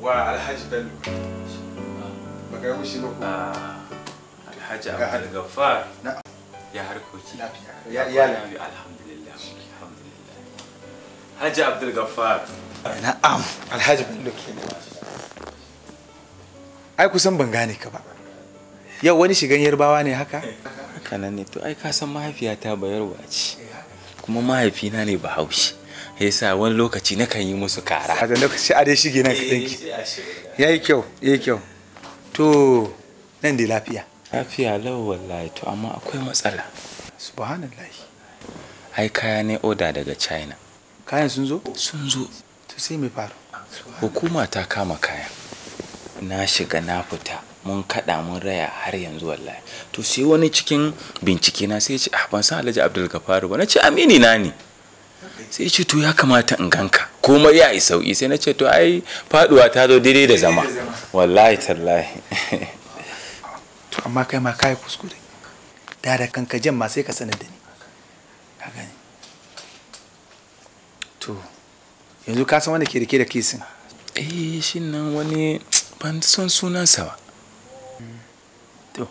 wa alhaji bello ba ga mushi ba ko ah, alhaji abdul Gafar ya harkoki ya iyali alhamdulillah alhamdulillah haji abdul gaffar na'am alhaji bello kenan ai kusan ban gane ka ba yau wani shigan yarbawa ne haka haka nan ne to ai ka san mahaifiyata ba bayarwa ce kuma mahaifina ne bahaushe sa wani lokaci na kan yi musu kara a lokaci a dai shige na kaɗan ki yi kyau yi kyau to nan da lafiya lafiya lau wallahi to amma akwai matsala subhanallah ai kaya ne oda daga china kayan sun zo sun zo to sai mai faru hukuma ta kama kaya. na shiga na fita mun kaɗa mun raya har yanzu wallahi to sai wani cikin bincike na sai ya ce ah ban san alhaji abdul gafaru ba na ce amini na ne sai ce to ya kamata in ganka komai ya yi sauki sai na ce to ai faduwa ta zo daidai da zama wallahi tallahi to amma kai ma kai kuskure da da kanka jan ma sai ka sanar da ni ka gani to yanzu ka san wanda ke rike da kisin eh shin nan wani ban son sunansa ba to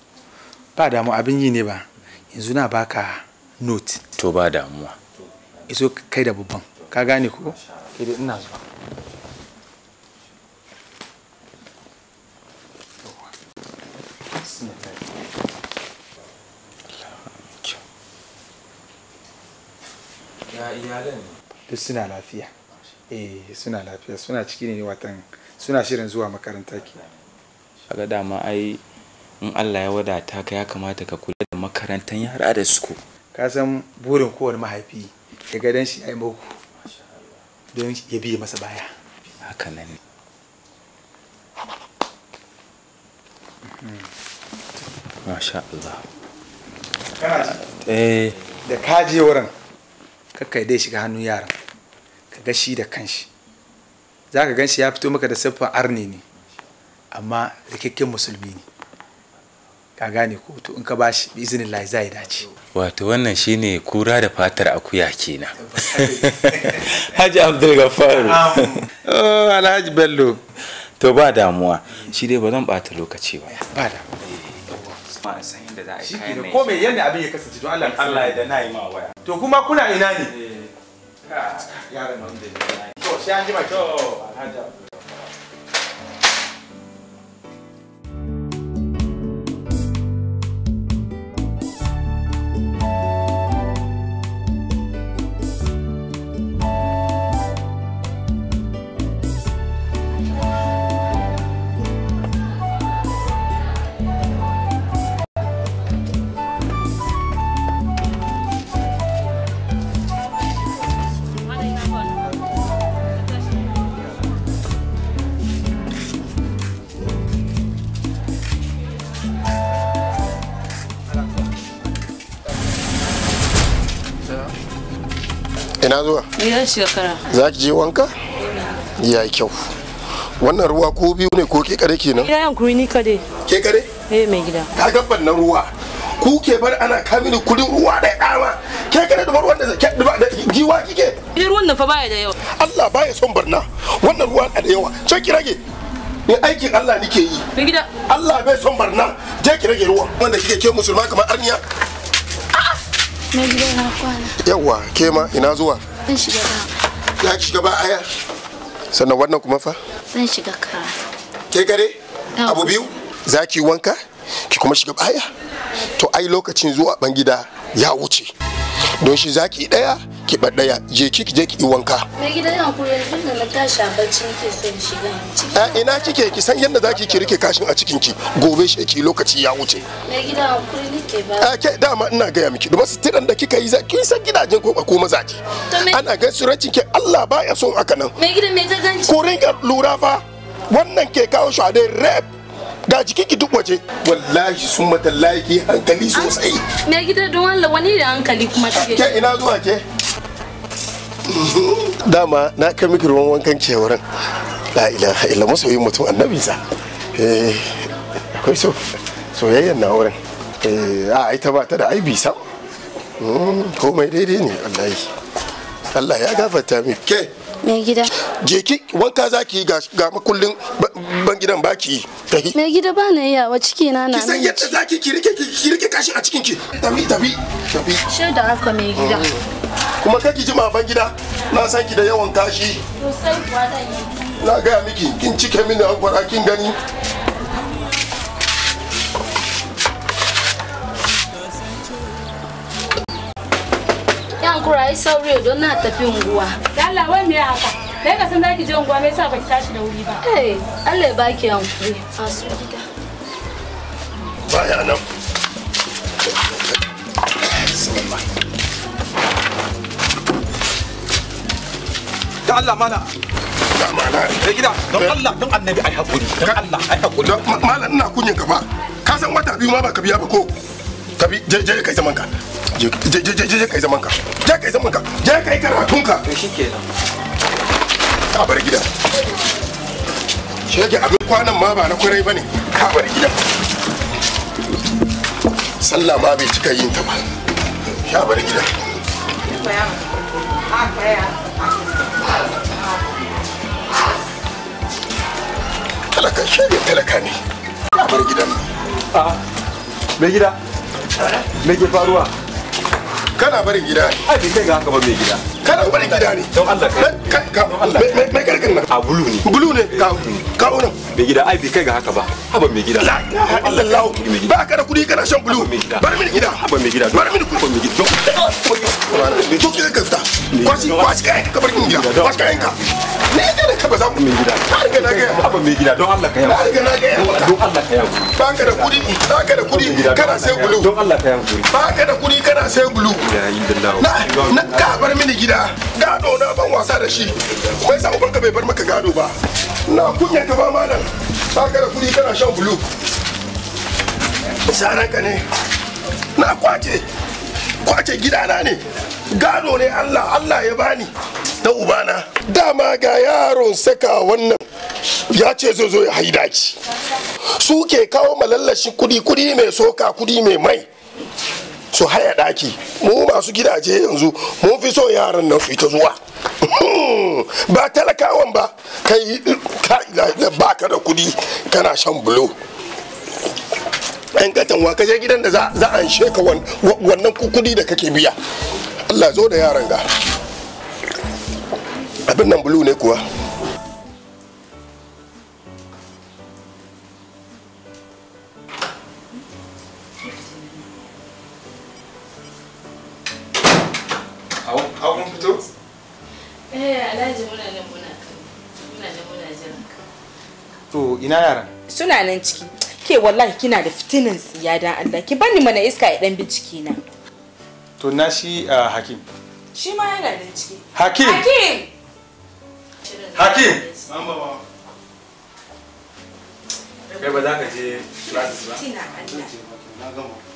ba damu abin yi ne ba yanzu na baka note to ba damuwa iso kai da babban ka gane ko da ina zuwa suna lafiya eh suna lafiya suna ciki ne watan suna shirin zuwa makaranta ke ga dama ai in Allah ya wadata ka ya kamata ka kula da makarantar yara da suko ka san burin kowane mahaifi ya ga dan shi ai muku don ya biye masa baya haka nan ne masha Allah eh da kaje wurin kakkai dai shiga hannun yaran ka ga shi da kanshi za ka gan shi ya fito maka da siffar arni ne amma rikakken musulmi ne ka gane ko to in ka bashi bi izinin lai zai dace wato wannan shine kura da fatar akuya kenan Haji Abdul Gaffaru oh Alhaji Bello to ba damuwa mm. shi dai ba zan bata lokaci ba ba damuwa san yadda ko me yanda abin ya kasance don Allah Allah ya da na yi ma waya to kuma kuna ina ne eh, yaran nan da to sai an ji ba to Alhaji ina zuwa gidan shekara za ki je wanka ya yi kyau wannan ruwa ko biyu ne ko ke kare kenan ina kuri ni kare ke kare eh mai gida ka gabban na ruwa ku ke bar ana kamini kudin ruwa da dama ke kare da ruwan da ke da giwa kike ni ruwan nan fa baya da yawa Allah baya son barna wannan ruwa da yawa ce ki rage ni aikin Allah nike yi mai gida Allah bai son barna je ki rage ruwa wanda kike ke musulma kamar arniya na gida kwana yawa ke ma ina zuwa zan shiga ba ya shiga ba aya sannan wannan kuma fa zan shiga ka ke gare abu biyu za ki wanka ki kuma shiga baya to ai lokacin zuwa ban gida ya wuce don shi za ki daya ki ɗaya je ki je ki wanka me gida yana ku yanzu da na tashi a bacci nake son shiga a ina kike ki san yadda zaki ki rike kashin a cikin ki gobe shi ki lokaci ya wuce me gida ku ne k'e ba ke dama ina gaya miki domin sitiran da kika yi za kin san gidajen ko ko mazaje ana ga surancin ke Allah baya son haka nan me gidan me ta ko ringa lura fa wannan ke kawo shi a dai rap ga jiki ki duk waje wallahi sun mata laiki hankali sosai me gidan don Allah wani da hankali kuma take ke ina zuwa ke dama na kai miki ruwan wankan ke wurin la ilaha illa masoyin mutum annabi sa eh ko so soyayyen na wurin eh a ita ba ta da aibi sam mm, komai daidai ne wallahi Allah ya gafarta mi ke mai gida je ki wanka za ki ga makullin ban gidan ba ki tahi mai gida ba na yawa ciki na na ki san yadda za ki rike ki rike kashi a cikin ki tafi tafi tafi she da haka mai gida mm. kuma ki ji ma ban gida na san ki da yawan kashi na ga miki kin cike mini an kin gani takura sauri don na tafi unguwa. Allah wai me haka? Kai ka san zaki je unguwa me yasa baki tashi da wuri ba? Eh, Allah ya baki hankuri. su gida. Baya nan. Da Allah mana. Da gida, don Allah, don annabi ai hakuri, don Allah ai hakuri. Malam ina kunyin ka ba. Ka san wata biyu ma ba ka biya ba ko? Ka bi je je kai zaman ka. je je je je kai zaman ka je kai zaman ka je kai karatun ka to shikenan ka bar gidan shege abin kwanan ma ba na kwarai bane ka bar gidan sallah ma bai cika yin ta ba ya bar gidan talaka shege talaka ne k'a bar gidan a ah, me gida me ke faruwa kana barin gida ai bai kai ga haka ba mai gida kana bari gida ne don Allah mai karkin nan a bulu ne bulu ne ka ka mai gida ai bai kai ga haka ba haba mai gida la ba ka da kudi kana shan bulu bar gida haba mai gida bar mini kudi mai gida ka fita kwashi kwashi kai ka bar gida kwashi kai ka ne ka da za mai gida har ga na ga haba gida don Allah ka har ga na ga don Allah ka ba ka da kudi ba ka da kudi kana sai bulu don Allah ka ba ka da kudi kana sai bulu na ka gida gado na ban wasa da shi bai sa ubanka bai bar maka gado ba na kunya ka ba malam ka kara kudi kana shan bulu ka ne na kwace kwace gidana ne gado ne Allah Allah ya bani na ubana dama ga yaron saka wannan ya ce zai zo ya haida ki su ke kawo malallashi kudi kudi mai soka kudi mai mai su haya daki mu masu gidaje yanzu mun fi so yaran nan su ta zuwa ba talakawan ba kai ba ka da kudi kana shan bulo yan katon wa kaje gidan da za a sheka wannan kudi da kake biya allah zo da yaran ga abin nan bulu ne kuwa har kun fito? eh alhaji muna nan muna muna nan muna jiran to ina yaran suna nan ciki ke wallahi kina da fitinin tsiya dan Allah ki bani mana iska ya dan bincike na to na shi ah, hakim shi ma yana nan ciki hakim hakim hakim Mama mamba kai ba za ka je classes ba na gama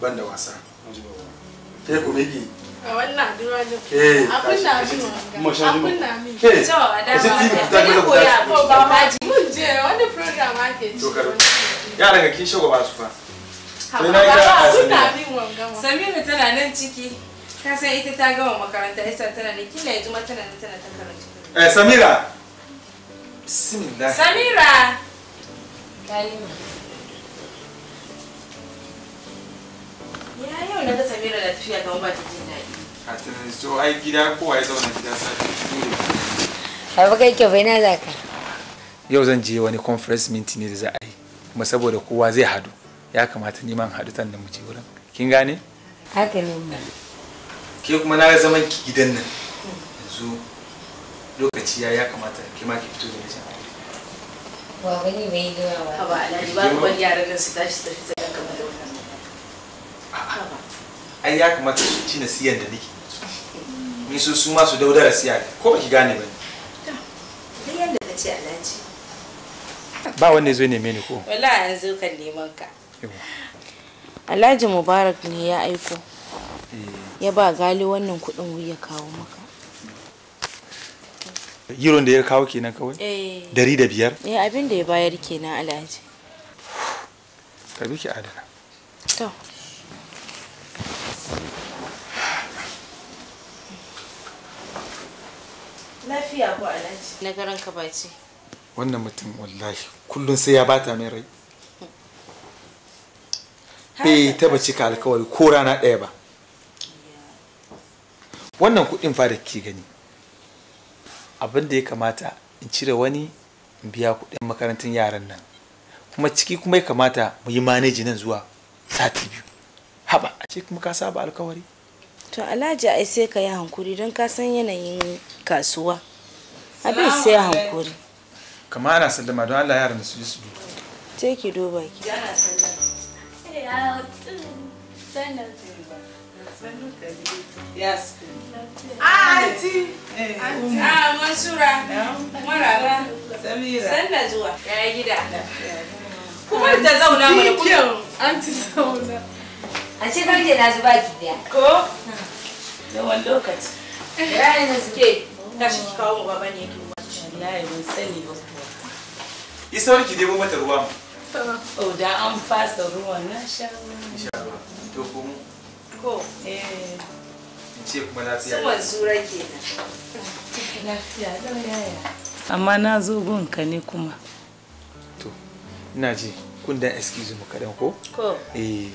ban da wasa ke ku miki a wannan duwa ne abun na min wanga abun na min ke da koya ko ba ma ji mun je wani program ake ci to karo yaran ga kin shigo ba su fa sai na ga min wanga Samira tana nan ciki ka san ita ta gama makaranta tana ne yanzu ma tana tana ta eh, Samira Samira Ya yau na ba jin daɗi. gida gida Abu kai kyau bai na za ka. Yau zan je wani conference meeting ne da za a yi kuma saboda kowa zai hadu ya kamata ni hadu tan da mu wurin. Kin gane? Haka ne mu. Ke kuma na ga zaman ki gidan nan. Yanzu lokaci ya ya kamata ki ma ki fito da mijin Ba bane bai yi ba. Ba alhaji ba ban yaran nan su tashi tafi tsakan kamar ai ya kamata su cina siyan da nake ni su su ma su daudara siya ko baki gane ba yanda ce ba wanda zai neme ni ko yanzu kan neman ka alhaji mubarak ne ya aiko eh. ya ba gali wannan kudin wuya kawo maka yiron da ya kawo kenan kawai eh. dari da biyar eh abin da ya bayar kenan alhaji ka biki adana to Lafiya Wannan mutum wallahi kullum sai ya bata mai rai. Bai taba cika alkawari ko rana ɗaya ba. Wannan kuɗin fa da ke gani. Abin da ya kamata in cire wani in biya kuɗin makarantar yaran nan. Kuma ciki kuma ya kamata mu yi maneji nan zuwa sati biyu. ce kuma ka saba alkawari to alhaji ai sai ka yi hankuri don ka san yanayin kasuwa abin sai hankuri kama ana sallama don Allah yaran su ji su duba ce ki duba ki eh, Yes. Mm. Ah, Mansura. Maraba. Samira. Sanda zuwa. Ya gida. Kuma da zauna kuma. Auntie zauna. a cikin ke na zuba ki ko da lokaci yayin da suke tashi ki kawo baba ne ki wallahi ban sani ba kuwa isawar ki debo mata ruwa o oh, da an fasa ruwan na sha insha Allah to ko mu ko eh in ce kuma eh. lafiya suwan sura kenan lafiya da yaya amma na zo gunka ne kuma to ina ji kun dan excuse mu kaɗan ko ko eh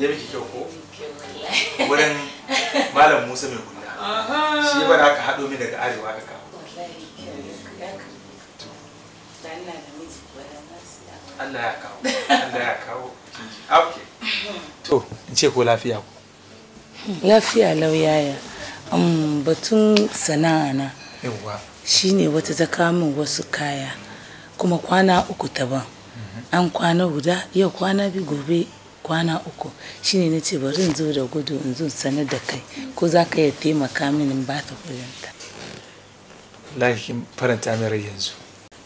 ya miki kyau ko wurin malam musa mai gulla shi ba da aka haɗo min daga arewa ka kawo eh. Allah ya kawo Allah ya kawo okay to in ce ko lafiya ko lafiya lauyaya batun sana'a na shine wata ta kamun wasu kaya kuma kwana uku ta ban mhm. an kwana guda yau kwana bi gobe kwana uku shine na ce bari in zo da gudu in zo sanar da kai ko za ka iya taimaka mini in ba ta kudinta kin faranta min rai yanzu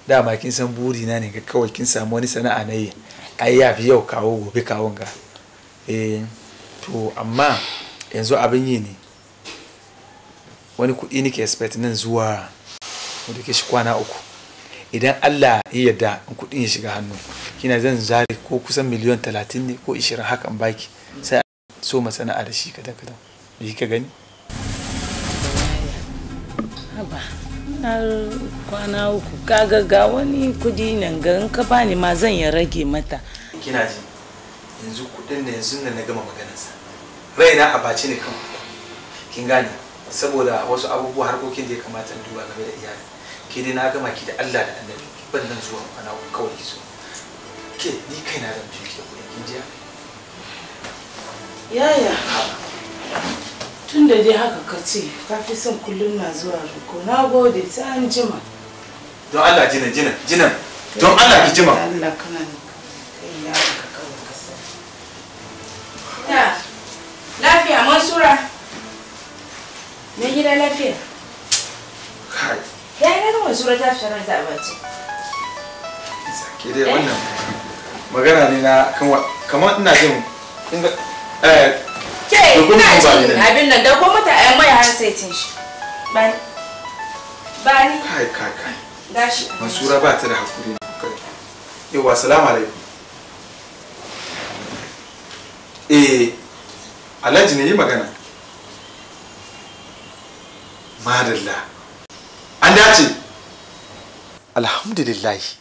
dama kin san burina ne ga kawai kin samu wani sana'a na yi ai ya fi yau kawo gobe kawon ga eh to amma yanzu abin yi ne wani kuɗi nake expect nan zuwa wadda ke shi kwana uku idan Allah ya yarda in kuɗin ya shiga hannu kina zan zare ko kusan miliyon talatin ne ko ishirin hakan baki sai a so masana'a da shi kadan kadan me ka gani haba na kwana uku kaga ga wani kudi nan ga in ka bani ma zan ya rage mata kina ji yanzu kudin da yanzu nan na gama maganarsa raina a bace ne kan kin gane saboda wasu abubuwa harkokin da ya kamata in duba game da iyali ke dai na gama ki da Allah da annabi ban nan zuwa kwana uku kawai ki zo ke ni kai na zan tuki da kuɗin kinjiya yaya tun da dai haka ka ce ka fi son kullum na zuwa roko na gode ta an jima don Allah jinan jinan jinan don Allah ki jima Allah kana ni kai ya ka kawo sa. ya lafiya mansura me gida lafiya kai ya ga mansura ta fara da abinci ke dai wannan eh? magana ne na kan kamar ina jin inda eh ke ina jin abin nan da ko mata ayan eh, mai har sai tin shi bani bani kai kai kai gashi masura ba ta da hakuri yawa assalamu alaikum eh alhaji ne yi magana madalla an dace alhamdulillahi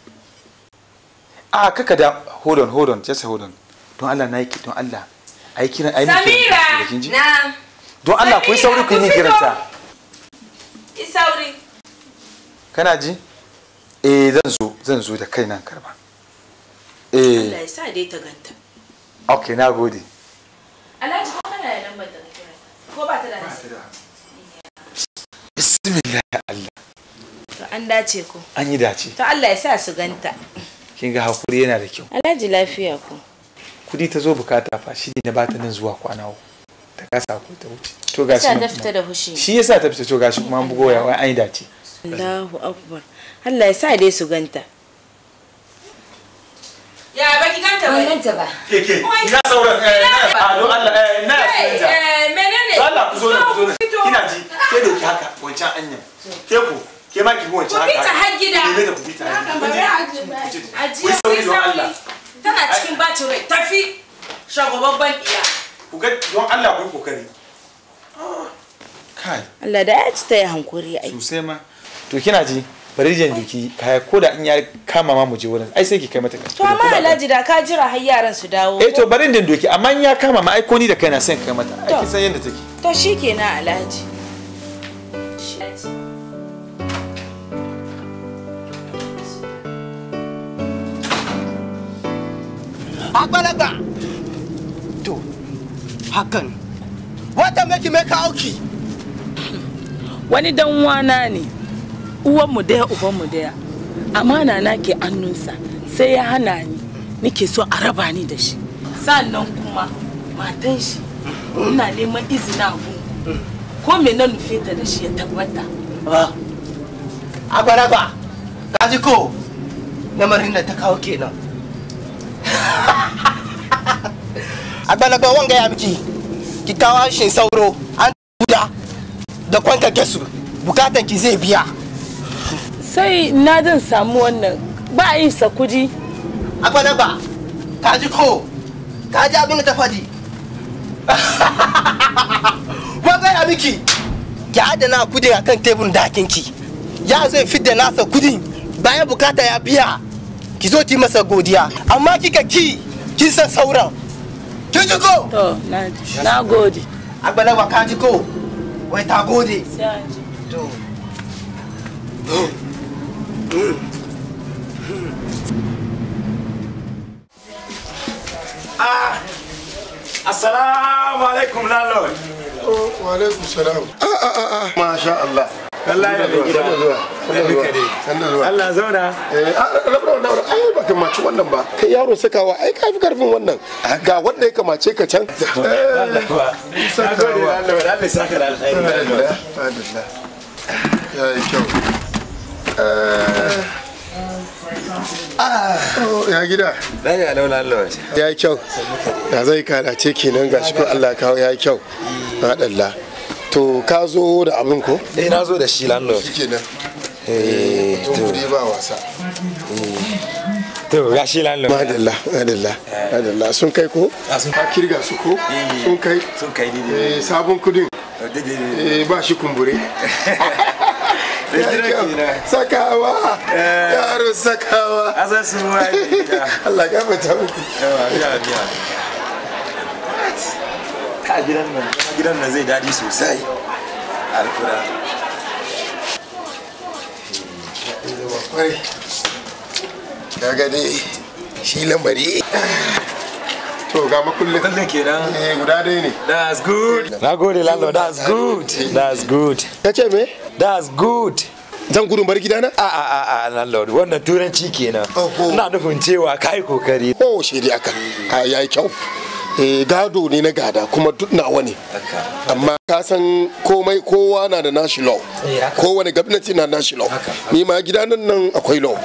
a kaka da hold on hold on just hold on don Allah na yake don Allah ai kiran ai Samira na don Allah ku sauri ku yi kiran ta ki sauri kana ji eh zan zo zan zo da kaina karba eh Allah ya sa dai ta ganta okay na gode Alhaji ko kana da lambar da kira ko ba ta da bismillah Allah to an dace ko an yi dace to Allah ya sa su ganta kin ga hakuri yana da kyau alhaji lafiya ku kudi ta zo bukata fa shi ne ba ta nan zuwa kwana ko. ta kasa ku ta wuce to gashi ta fita da hushi shi yasa ta fita to gashi kuma an bugo wai an yi dace Allahu akbar Allah ya sa dai su ganta ya ba ki ganta ba ganta ba ke ke ina sauran eh a eh, don Allah eh na ya eh, menene Allah ku zo ku zo kina ji ke doki haka wancan anyan ke ku ke ma ki wancan haka ku ta har gida ne da ku ba a ji Allah tana cikin bacin rai tafi babban iya ku ga don Allah ku kokari kai Allah da ya ci ta yi hankuri ai sosai ma to kina ji bari jan duki kaya ko da in ya kama ma mu je wurin ai sai ki kai mata to amma alhaji da ka jira har yaran su dawo eh to bari din duki amma in ya kama ma ai ko ni da kaina sai kai mata ai kin san yadda take to shikenan alhaji àgbàlagbà to hakan wata meki make auki wani dan wana ne uwanmu daya ubanmu daya amana na ke annunsa sai ya hana ni nake so a raba ni da shi sannan kuma matan shi ina neman izina abu ko me na nufe ta da shi ya tabbata ah, a gwaraba ko lamarin da ta kawo kenan agbalagba wan gaya miki ki kawo harshen sauro an guda da kwanka kesu bukatan ki zai biya sai na jin samu wannan ba yin sakuji agbalagba ka ji ko ka ji abin da ta faɗi wan gaya miki ki adana kudi a kan tebur dakin ki ya zai da nasa kudi bayan bukata ya biya ki zo ki masa godiya amma kika ki kin san sauran kin ji ko to na gode agbalagba ka ji ko wai ta gode to ah assalamu alaikum landlord oh, wa alaikum salam ah ah ah, ah. masha Allah wallahi ya gida Allah zauna eh, ah, eh, ai ba ka maci wannan ba kai yaro sakawa ai ka fi karfin wannan ga wanda ya kamace ka can Allah ya eh. ya ya gida dan ya launa Allah ya yi kyau da zai kalace kenan gashi ko Allah kawo ya yi kyau madalla to ka zo da abin ko eh na zo da shi landlord shikenan eh to ba wasa eh, to gashi lalo madalla madalla madalla sun kai ko ah, a kirga su ko eh, eh, sun kai sun kai ne sabon kudin ba shi kumbure sakawa yaro sakawa Allah ya fata muku ka gidan nan gidan nan zai daɗi sosai alkura kaga gade shi lambari. to ga makullin kullum kenan eh guda dai ne that's good na gode lalo that's good that's good kace me that's good zan gudun bar gidana? A a a a landlord wannan turanci kenan. Ina nufin cewa kai kokari. Oh shedi aka. Ha yayi kyau. Eh, gado ne na gada kuma duk nawa ne amma ka san komai kowa na da nashi law eh, kowane gabnati na nashi law ni ma gida nan nan akwai law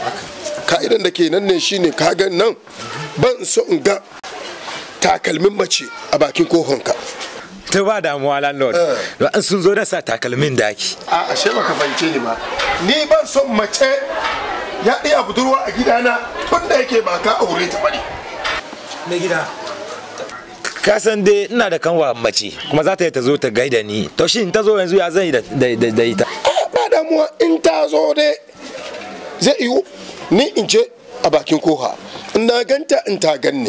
ka'idan da ke nan ne shine ka ga nan ban so in ga takalmin mace a bakin ka. ta ba damuwa landlord ba eh. an sun zo da sa takalmin ake a ashe ka fahimce ni ma ni ban son mace ya iya budurwa a gidana tun da yake ba ka aure ta bane na gida ka san dai ina da kanwa mace kuma za ta yi ta zo ta gaida ni to shi in ta zo yanzu ya zan yi da ita eh, ba muwa in ta zo dai zai yiwu ni in ce a bakin koha ina ganta in ta ganni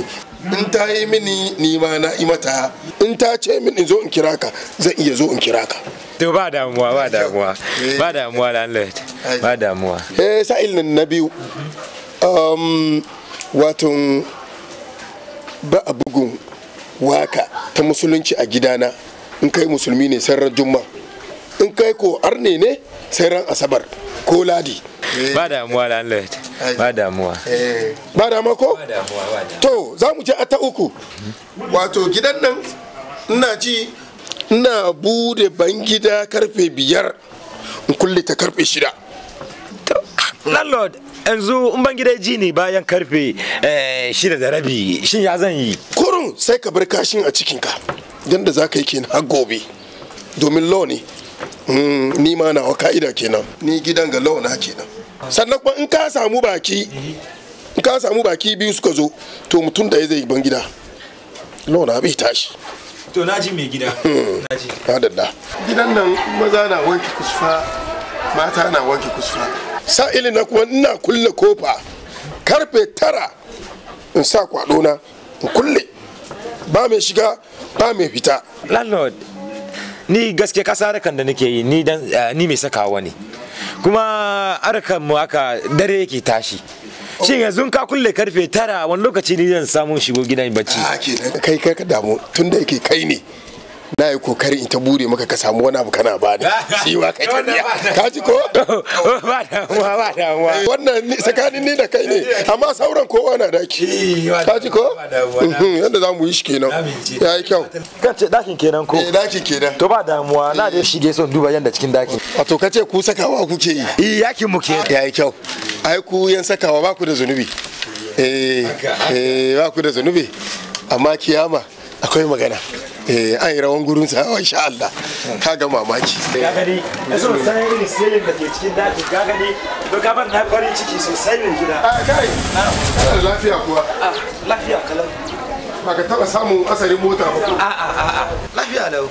in ta yi mini ni ma na imata in ta ce min in zo in kira ka zan iya zo in kira ka to ba damuwa ba damuwa eh. ba damuwa landlord ba damuwa eh sa'il nan na biyu um wato ba a bugun waka ta musulunci a gidana in kai musulmi ne sai ran juma in kai ko arne ne sai ran asabar ko ladi eh. ba damuwa Allah eh. ba damuwa ba damuwa ko to za mu je a ta uku wato gidan nan ina ji ina bude bangida karfe biyar in kulle ta karfe shida landlord yanzu in ban gida ji ne bayan karfe eh, shida da rabi shin ya zan yi kurun sai ka bar kashin a cikinka da za ka yi kenan har gobe domin law ne mm, ni ma nawa ka'ida kenan ni gidan ga law na kenan sannan kuma in ka samu baki in ka samu baki biyu suka zo to mutum da ya zai ban gida law na bai tashi to na ji mai gida hmm. na ji gidan nan maza na wanke kusfa mata na wanke kusfa sa'ili na kuma ina kulle kofa karfe tara in sa in kulle ba mai shiga ba mai fita landlord ni gaske kasa da da nake yi ni eh, mai sakawa wani kuma harkan mu aka dare yake tashi shin yanzu ka kulle karfe tara wani lokaci ni zan samun shigo gidan bacci ah, kai kai ka damu tun da yake kai ne na yi kokari in ta bude maka ka samu wani abu kana bani shi wa kai tariya ka ji ko ba damuwa ba damuwa wannan tsakanin ni da kai ne amma sauran kowa na daki ka ji ko mhm, yadda za mu yi shi kenan ya yi kyau kan ce dakin kenan ko eh dakin kenan to ba damuwa na da shige son duba yanda cikin dakin wato ka ce ku sakawa kuke yi eh yakin mu ke ya yi kyau ai ku yan sakawa ba ku da zunubi eh eh ba ku da zunubi amma kiyama akwai magana eh an yi rawan gurin sa wa insha Allah ka ga mamaki gani yanzu sai irin sirrin da ke cikin daji gani to gaban na farin ciki sosai ne gida a ah, kai ah. lafiya kuwa ah, lafiya kalau ba ka taba samun asarin mota ba a a a lafiya lau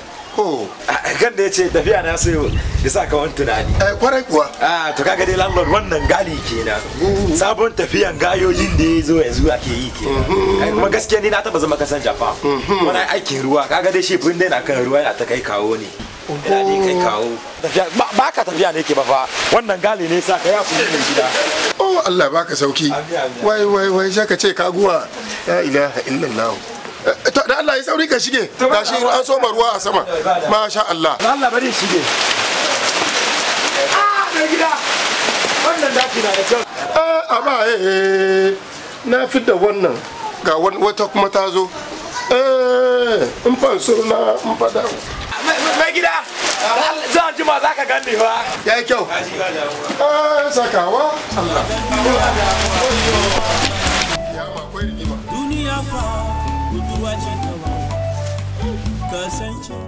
kan da ya ce tafiya na sayo ya sa ka wani tunani eh, kwarai kuwa a to kaga dai landlord wannan gali kenan mm-hmm. sabon tafiyan gayoyin da ya zo yanzu ake yi kenan mm-hmm. kuma gaskiya ni na taba zama kasan japan mm-hmm. wani aikin ruwa kaga dai shi bin dai na kan ruwa yana ta kai kawo ne ina ne kai kawo ba ka tafiya ne ke ba fa wannan gali ne sa ka ya kuma gida oh Allah baka sauki wai wai wai sha ka ce kaguwa la ilaha illallah to da Allah ya sauri ka shige shi an so ruwa a sama masha Allah Allah bari shige ah mai gida wannan daki na da kyau ah amma eh, eh na da wannan ga wata kuma ta zo eh in fansuru na in fada mai gida zan jima za ka gani ba ya yi kyau ah eh, sakawa Allah duniya fa 歌声。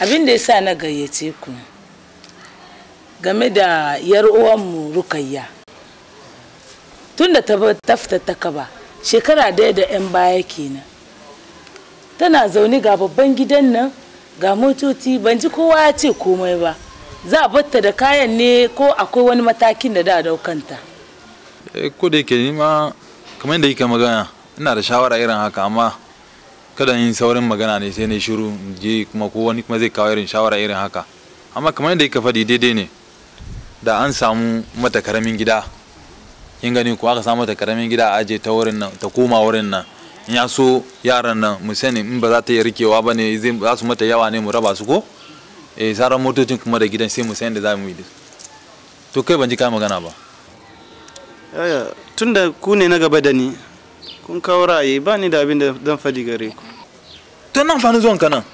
abin da ya sa na gayyace ku game da yar uwanmu rukayya tun da ta fita ta shekara daya da 'yan baya kenan tana zaune ga babban gidan nan ga motoci ban ji kowa ya ce komai ba za a batta da kayan ne ko akwai wani matakin da da daukanta eh, ko da yake nima kamar yadda yake magana ina da shawara irin haka amma kada in saurin magana ne sai na shiru je kuma ko wani kuma zai kawo irin shawara irin haka amma kamar yadda ka faɗi daidai ne da an samu mata karamin gida in gani ko aka samu mata karamin gida a aje ta wurin nan ta koma wurin nan in ya so yaran nan mu sani in ba za ta yi rikewa ba ne za su mata yawa ne mu raba su ko eh sauran motocin kuma da gidan sai mu sani da za mu yi da to kai ban ji ka magana ba tunda ku ne na gaba da ni kun kawo ra'ayi ba ni da abin da zan faɗi gare ku to nan zuwanka zuwan ka nan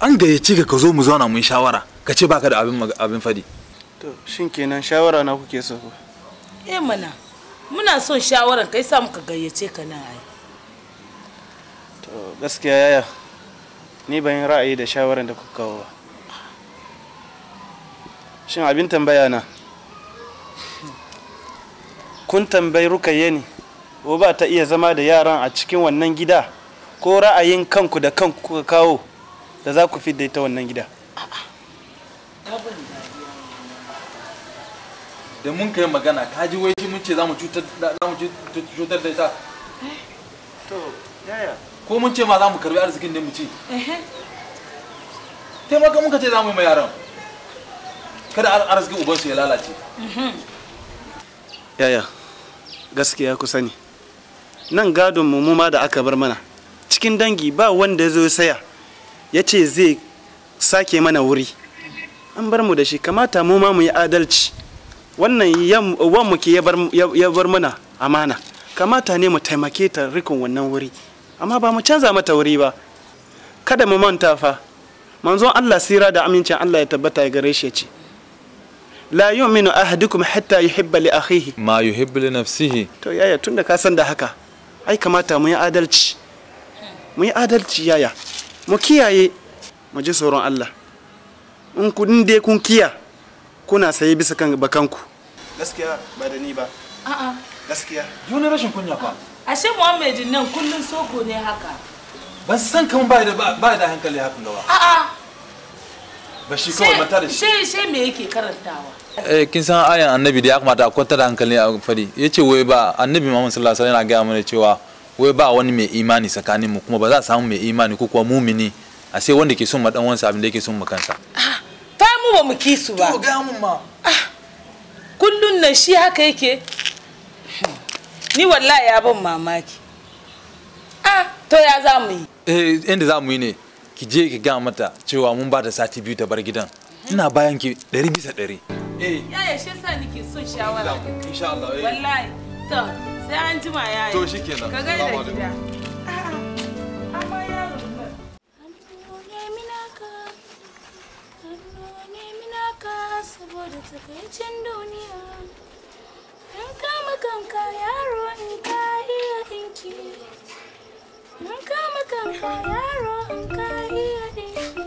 an gayyace ka ka zo mu zauna mun shawara ka ce baka da abin abin fadi to shin kenan shawara na kuke so ko eh mana muna son shawaran kai sa muka gayyace ka nan ai to gaskiya yaya ni ban ra'ayi da shawaran da kuka kawo ba shin abin tambaya na kun tambayi rukayye ne ba ta iya zama da yaran a cikin wannan gida ko ra'ayin kanku da kanku kuka kawo da za ku fidda ita wannan gida da mun kai magana ka ji wai mun ce za mu cutar da ita to yaya ko mun ce ma za mu karbi arzikin da mu ci taimaka muka ce za mu yi ma yaran kada arzikin ubansu ya lalace yaya gaskiya ku sani nan gadon mu ma da aka bar mana cikin dangi ba wanda ya zo saya ya ce zai sake mana wuri an bar mu da shi kamata mu ma mu yi adalci wannan wanmu ke ya bar mana amana kamata ne mu taimake ta rikon wannan wuri amma ba mu canza mata wuri ba kada mu manta fa manzon Allah sira da amincin Allah ya tabbata ya gare shi ya ce la yu'minu ahadukum hatta yuhibba li akhihi ma yuhibbu li nafsihi to yaya tunda ka san da haka ai kamata mu yi adalci mu yi adalci yaya mu kiyaye mu ji tsoron Allah in kun dai kun kiya kuna saye bisa kan bakanku gaskiya ba da ni ba a'a gaskiya juna rashin kunya fa ashe Muhammad nan kullun soko ne haka ban san kan ba da ba da hankali hakan gawa a'a ba shi kawai mata da shi shi she me yake karantawa eh kin san ayan annabi da ya kamata a kwantar da hankali a fadi ya ce wai ba annabi Muhammad sallallahu alaihi wasallam yana gaya mana cewa wai ba wani mai imani tsakanin mu kuma ba za a samu mai imani ko kuwa mumini a sai wanda ke son ma dan wansa abin da yake son ma kansa ah, fa mu ba mu kisu ba to ga mu ma ah, kullun nan shi haka yake ni wallahi ya ban mamaki ah to ya za mu yi eh inda za mu yi ne ki je ki ga mata cewa mun ba da sati biyu ta bar gidan ina bayan ki ɗari bisa ɗari eh yaya shi yasa nake son shawara insha Allah eh. wallahi to Sai an jima yayi. To shikenan. Ka gaida gida. Amma yaro saboda takaicin duniya in kama kanka yaro in ka iya dinki in kama kanka yaro in ka iya dinki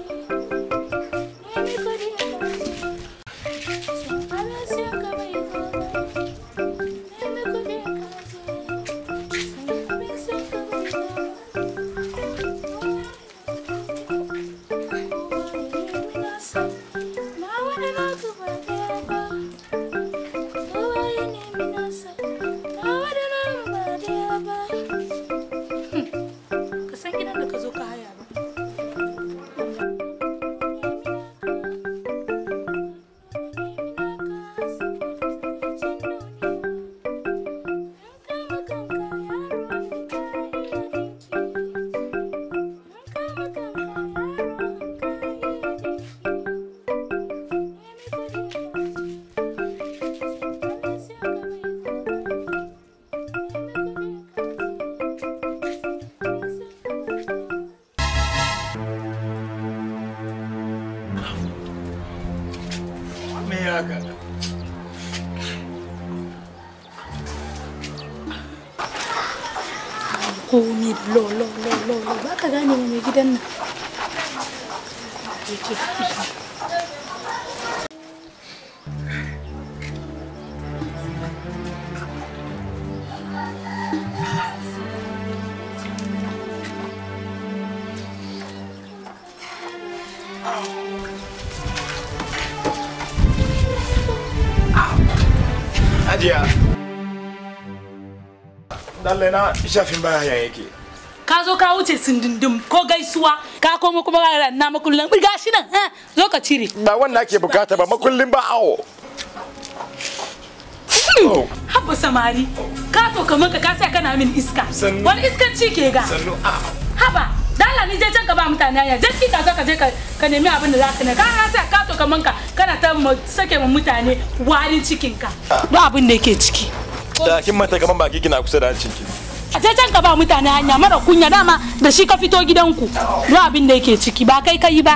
ka gane mai gidan nan yake Hajiya, ɗan na shafin baya yake. kawo ce sindindim ko gaisuwa ka komo kuma na makullin ga shi nan eh, zo ka cire ba wannan ake bukata ba makullin ba awo hmm, oh. Habba samari, ka to kamar ka sai kana min iska. Wani iskan ci ke ga. Ah. Haba, dala ni je can ka ba mutane hanya, je ki kasuwa ka je ka nemi abin da zaka ka ne. Ka sai ka to kamar ka kana ta sake ma mutane warin cikin ka. Ah. Ba abin da yake ciki. Da kin mata kaman baki kina kusa da cikin ki. a je ka ba mutane hanya mara kunya dama da shi ka fito gidanku duk abin da yake ciki ba kai kai ba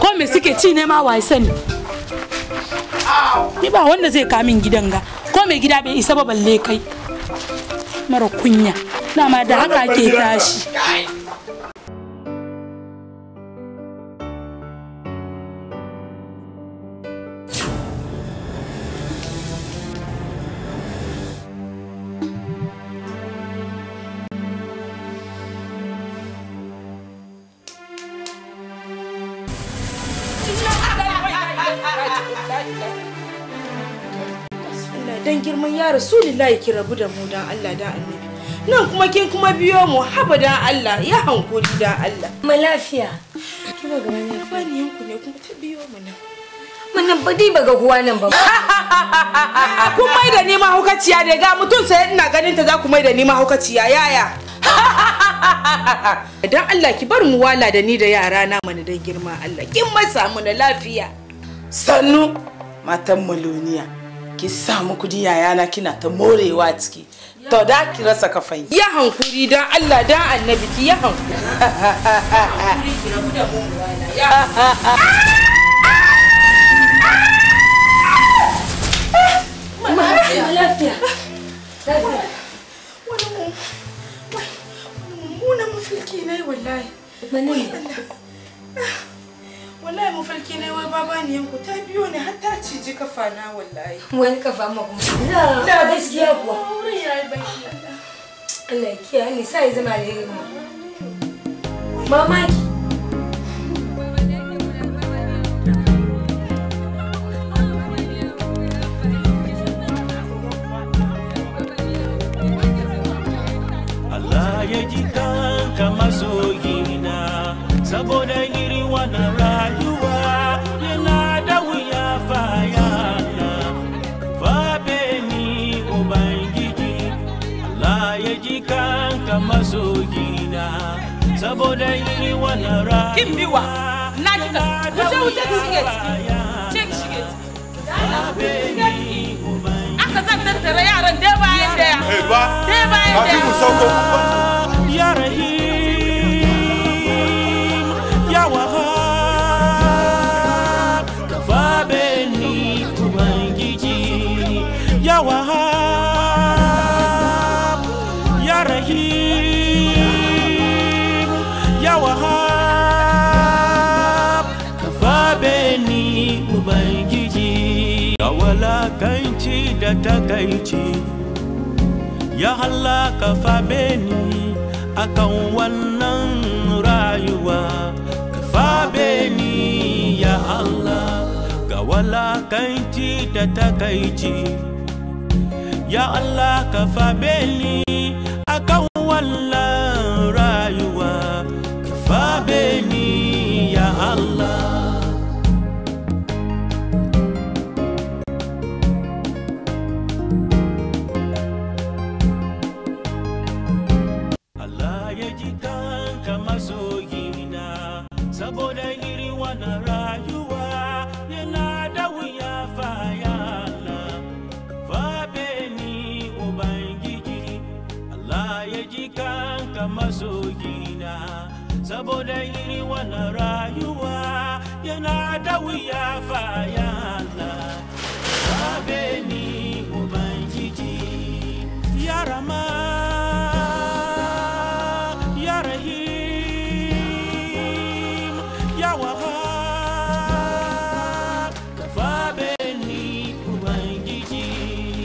ko me suke ci ne ma wai sani ni ba wanda zai kamin gidan ga ko me gida bai isa ba balle kai mara kunya dama da haka ake tashi dan girman ya rasulillahi ki rabu da mu dan Allah dan annabi nan kuma kin kuma biyo mu haba dan Allah ya hankuri dan Allah mai lafiya kina ga wani ni yanku ne kuma ta biyo mu nan mana ba dai baga kuwa nan ba. Kun mai da ni mahaukaciya da ga mutum sai ina ganin ta za ku mai da ni mahaukaciya yaya. Dan Allah ki bar mu wala da ni da yara na mana dan girma Allah. Kin masa mu na lafiya. Sannu matan maloniya. ki samu kudi yayana kina ta morewa ciki to da ki rasa kafai ya hankuri dan Allah dan annabi ki ya hankuri Wani na yi wallahi. Mane. wallahi mafarki ne wai baba ne yanku ta biyo ne har ta ciji kafa na wallahi wani kafa ma kuma da la gaskiya kuwa wurin yayi baki Allah ya kiyaye ni sai zama mama ki kimbiwa nakita use uteki shigeti take shigeti aka ah, zan tattara yaran dai bayan daya dai bayan daya ya rahim ya wahab kafa beni ubangiji ya wahab walakanci da takaici ya hallaka fabe ni akan wannan rayuwa fa fabe ni ya Allah ga walakanci da takaici ya Allah ka fabe ni akan wannan wuya fa ya Allah abe ni ubangiji ya rama ya rahim ya wahab kafa be ni ubangiji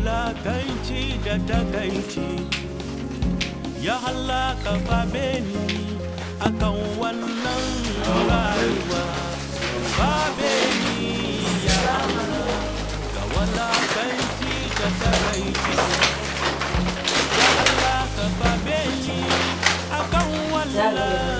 walakanci da takaici ya halaka fabeni akan wannan rayuwa fabeni ya ga walakanci da takaici ya halaka fabeni akan wannan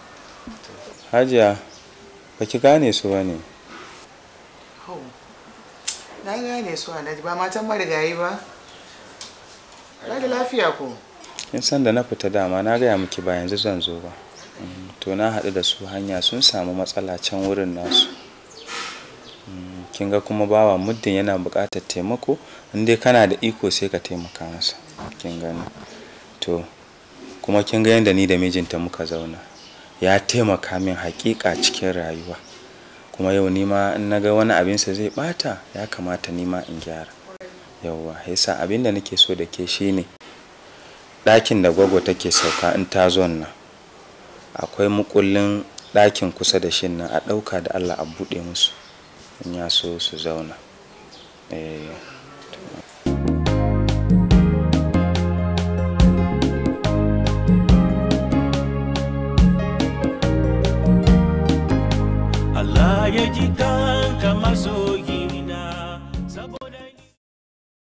hajiya ba ki gane su ba ne na gane su ba matan marigayi ba ba da lafiya ko in san da na fita dama na gaya miki ba yanzu zan zo ba mm, to na haɗu da su hanya sun samu matsala can wurin nasu mm, kinga kuma bawa muddin yana buƙatar taimako in dai kana da iko sai ka taimaka masa kinga ne. to kuma kin yadda ni da mijinta muka zauna ya taimaka min hakika cikin rayuwa kuma yau nima in naga wani abinsa zai bata ya kamata nima in gyara yauwa yasa abin da nake so da ke shine ɗakin da gwagwa take sauka in ta zo nan akwai mukullin ɗakin kusa da shin nan a ɗauka da allah a buɗe musu in ya so su zauna eh.